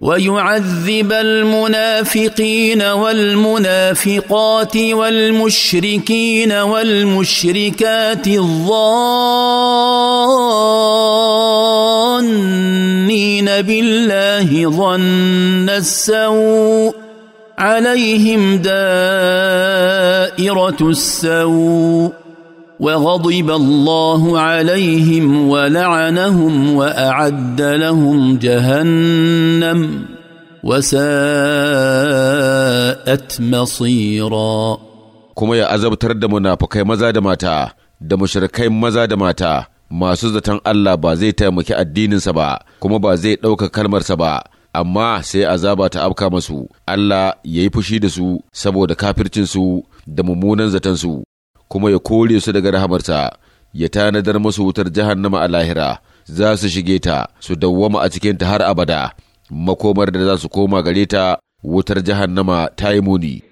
ويعذب المنافقين والمنافقات والمشركين والمشركات الظانين بالله ظن السوء عليهم دائره السوء وغضب الله عليهم ولعنهم واعد لهم جهنم وساءت مصيرا kuma ya azabtar da munafukai maza da mata da mushrikai maza da mata masu zaton Allah ba zai taimaki addininsa ba kuma ba zai ɗauka kalmarsa ba amma sai azaba ta afka masu Allah ya yi fushi da su saboda kafircinsu da mummunan zatansu. kuma ya kore su daga rahamarsa ya tanadar musu wutar jahannama a lahira za su shige ta su dawwama a cikinta har abada makomar da za su koma gare ta wutar jahannama ta yi muni